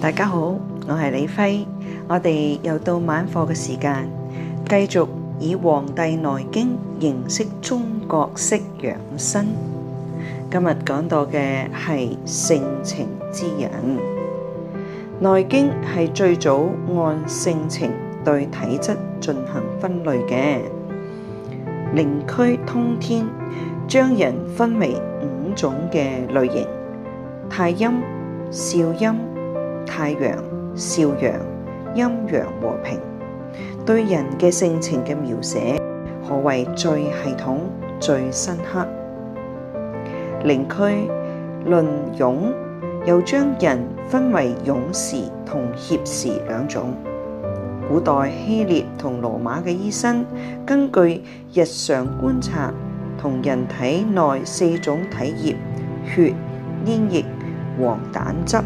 大家好，我係李輝，我哋又到晚課嘅時間，繼續以《黃帝內經》認識中國式養生。今日講到嘅係性情之人。《內經》係最早按性情對體質進行分類嘅。《靈樞·通天》將人分為五種嘅類型：太陰、少陰。太陽、少陽、陰陽和平，對人嘅性情嘅描寫，可謂最系統、最深刻。靈區論勇，又將人分為勇士同怯士兩種。古代希臘同羅馬嘅醫生，根據日常觀察同人體內四種體液：血、黏液、黃膽汁、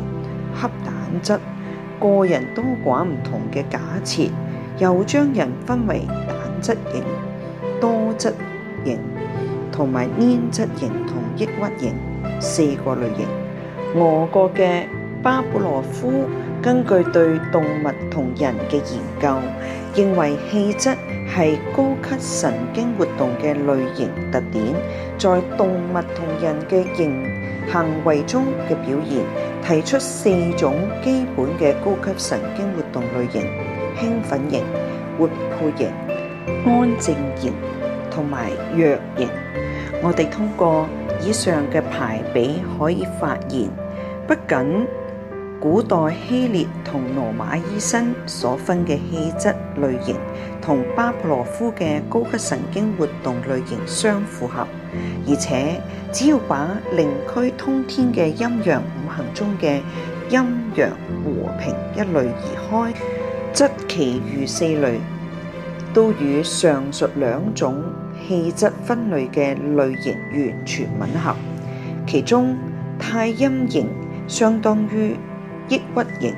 黑膽。本質個人多寡唔同嘅假設，又將人分為膽質型、多質型、同埋黏質型同抑鬱型四個類型。俄國嘅巴布羅夫根據對動物同人嘅研究，認為氣質。係高級神經活動嘅類型特點，在動物同人嘅行行為中嘅表現，提出四種基本嘅高級神經活動類型：興奮型、活潑型、安靜型同埋弱型。我哋通過以上嘅排比可以發現，不僅古代希臘同羅馬醫生所分嘅氣質類型，同巴甫洛夫嘅高級神經活動類型相符合，而且只要把靈區通天嘅陰陽五行中嘅陰陽和平一類移開，則其餘四類都與上述兩種氣質分類嘅類型完全吻合，其中太陰型相當於。抑鬱型、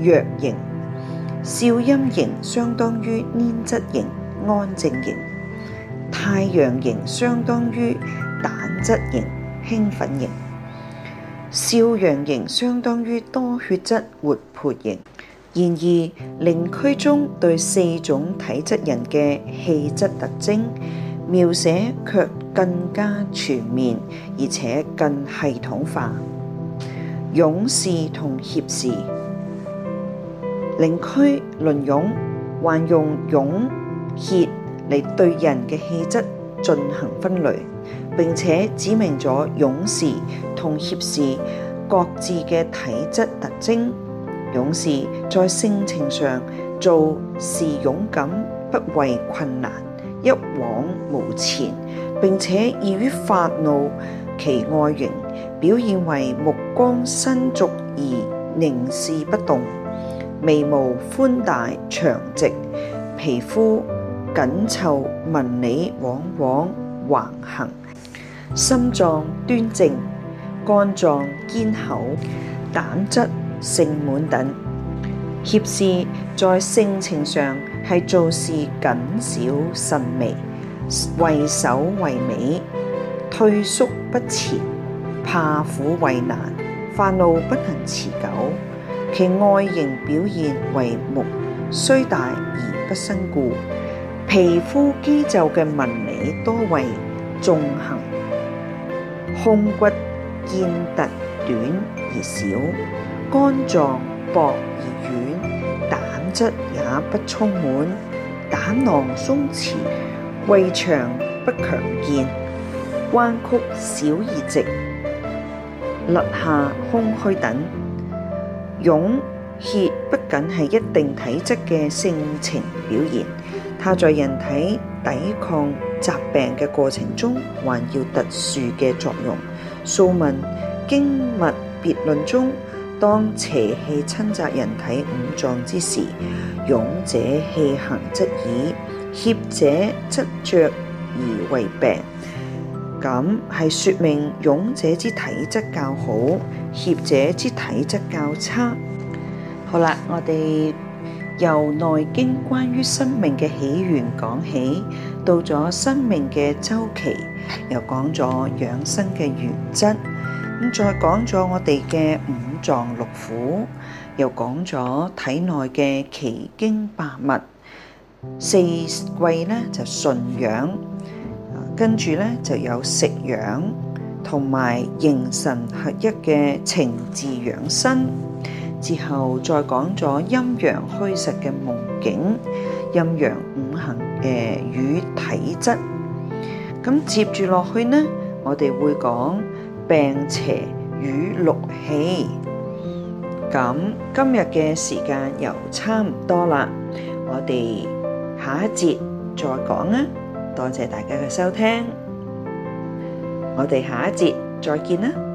弱型、少陰型相當於黏質型、安靜型；太陽型相當於膽質型、興奮型；少陽型相當於多血質、活潑型。然而，靈樞中對四種體質人嘅氣質特徵描寫卻更加全面，而且更系統化。勇士同怯士，《靈樞·論勇》，還用勇怯嚟對人嘅氣質進行分類，並且指明咗勇士同怯士各自嘅體質特徵。勇士在性情上做事勇敢，不畏困難，一往無前，並且易於發怒，其外形。表現為目光深足而凝視不動，眉毛寬大長直，皮膚緊湊紋理往往橫行，心臟端正，肝臟堅厚，膽質性滿等。暗示在性情上係做事謹小慎微，畏首畏尾，退縮不前。怕苦畏難，煩惱不能持久，其外形表現為木，雖大而不生故，皮膚肌皺嘅紋理多為縱橫，胸骨肩突短，短而少，肝臟薄而軟，膽汁也不充滿，膽囊鬆弛，胃腸不強健，彎曲小而直。肋下空虛等，勇怯不僅係一定體質嘅性情表現，它在人體抵抗疾病嘅過程中，還要特殊嘅作用。素問經脈別論中，當邪氣侵襲人體五臟之時，勇者氣行則已，怯者則着而為病。咁係說明勇者之體質較好，怯者之體質較差。好啦，我哋由內經關於生命嘅起源講起，到咗生命嘅週期，又講咗養生嘅原則，咁再講咗我哋嘅五臟六腑，又講咗體內嘅奇經八脈，四季咧就順養。跟住咧就有食養同埋形神合一嘅情志養生，之後再講咗陰陽虛實嘅夢境、陰陽五行嘅與體質。咁接住落去呢，我哋會講病邪與六氣。咁今日嘅時間又差唔多啦，我哋下一節再講啊！多謝大家嘅收聽，我哋下一節再見啦。